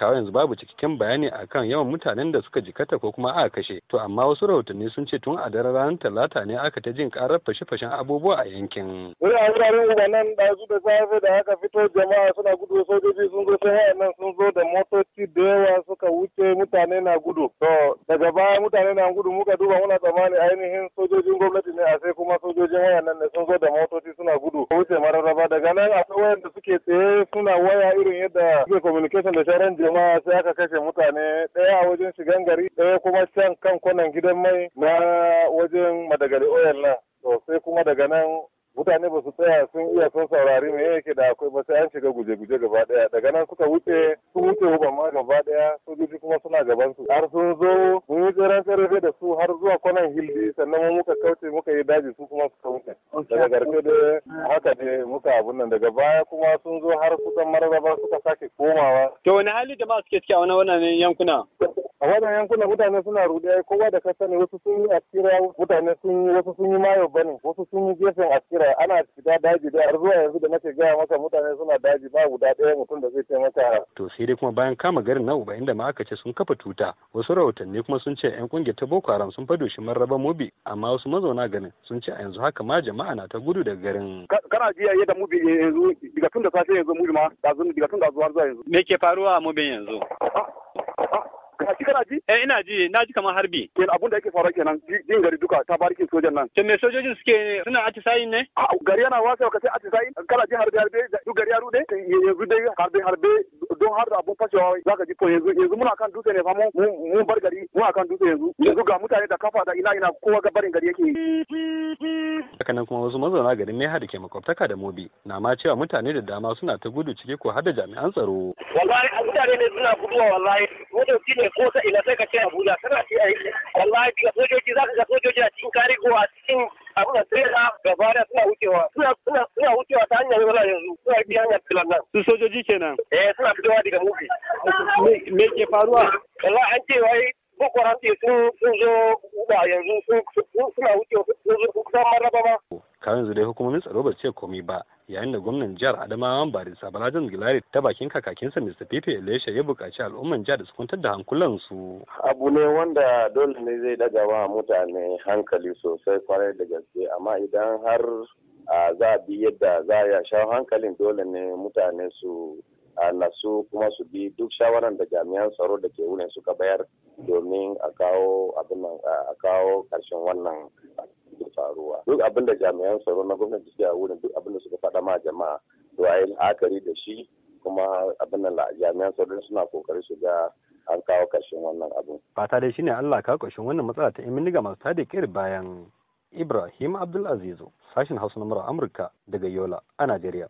kawo yanzu babu cikakken bayani akan yawan mutanen da suka jikata ko kuma aka kashe to amma wasu rahotanni sun ce tun a daren ranar talata ne aka ta jin karar fashe-fashen abubuwa a yankin. Wuraren da nan da su da safe da aka fito jama'a suna gudu sojoji sun zo sai nan sun zo da mota da yawa suka wuce mutane na gudu. To daga baya mutane na gudu muka duba muna tsammani ainihin sojojin gwamnati ne a sai kuma sojojin wayan nan ne sun zo da motoci suna gudu. Wuce mararraba daga nan a tsawon da suke tsaye suna waya irin yadda suke communication da sharan jama'a sai aka kashe mutane ɗaya a wajen shigan gari ɗaya kuma can kan kwanan gidan mai na wajen madagali oil nan. To sai kuma daga nan mutane ba su tsaya sun iya sun saurari me yake da akwai ba sai an shiga guje-guje gaba daya daga nan suka wuce sun wuce ba ma gaba daya sojoji kuma suna gaban su har sun zo mun yi tseren sarrafe da su har zuwa kwanan hildi sannan muka kauce muka yi daji su kuma suka wuce daga garke da haka ne muka abun nan daga baya kuma sun zo har kusan mararraba suka sake komawa to wani hali da suke ciki a wani wannan yankuna a wannan yankunan mutane suna ruɗe kowa da ka sani wasu sun yi askira mutane sun yi wasu sun yi mayo bane wasu sun yi gefen askira ana fita daji da har zuwa yanzu da nake gaya maka mutane suna daji ba guda ɗaya mutum da zai taimaka to sai dai kuma bayan kama garin na uba inda ma aka ce sun kafa tuta wasu rahotanni kuma sun ce yan kungiyar ta boko haram sun fado shi marraba mubi, amma wasu mazauna garin sun ce a yanzu haka ma jama'a na ta gudu daga garin kana jiya yadda mubi yanzu daga tun da safe yanzu mubi ma daga tun da zuwa yanzu me ke faruwa a mubin yanzu ah, Ka ji kana ji? Eh ina ji, na ji kamar harbi. Kenan abun da yake faruwa kenan jin gari duka ta barikin sojan nan. To me sojojin suke suna atisayin ne? A gari yana wasa ka sai atisayin kana ji harbe harbe duk gari ya rude. Eh, yanzu dai harbe harbe don har da abun fashewa za ka ji to yanzu yanzu muna kan dutse ne fa mu mu bar gari muna kan dutse yanzu yanzu ga mutane da kafa da ina ina kowa ga barin gari yake haka nan kuma wasu mazauna garin ne da ke makwabtaka da mobi na ma cewa mutane da dama suna ta gudu cike ko har jami'an tsaro wallahi mutane ne suna guduwa wallahi motoci ne ko ta ina sai ka ce abuja kana ce ai wallahi ga sojoji za ka ga sojoji a cikin ko a cikin abu da trailer gaba da suna wucewa suna bi hanyar filan nan. kenan. Eh suna fitowa daga mufi. Me ke faruwa? wai Boko Haram sun zo da yanzu suna wuce sun ba. Kawai yanzu dai tsaro ba ce komai ba yayin da gwamnan jihar Adamawa Barisa Balajan Gilari ta bakin kakakinsa Mr. Pepe Elisha ya buƙaci al'umman jihar da su kwantar da hankulansu. Abu ne wanda dole ne zai daga wa mutane hankali sosai kwarai da gaske amma idan har za a bi yadda za a sha hankalin dole ne mutane su nasu kuma su bi duk shawaran da jami'an tsaro da ke wurin suka bayar domin a kawo abin a kawo karshen wannan faruwa duk abin da jami'an tsaro na gwamnati suke a wurin duk abin da suka faɗa ma jama'a to a yi la'akari da shi kuma abin da jami'an tsaro suna kokari su ga an kawo karshen wannan abin fata dai shine Allah ka karshen wannan matsala ta imin ga masu tada kir bayan Ibrahim Abdulazizu, sashen Hausa na Amurka daga Yola a Najeriya.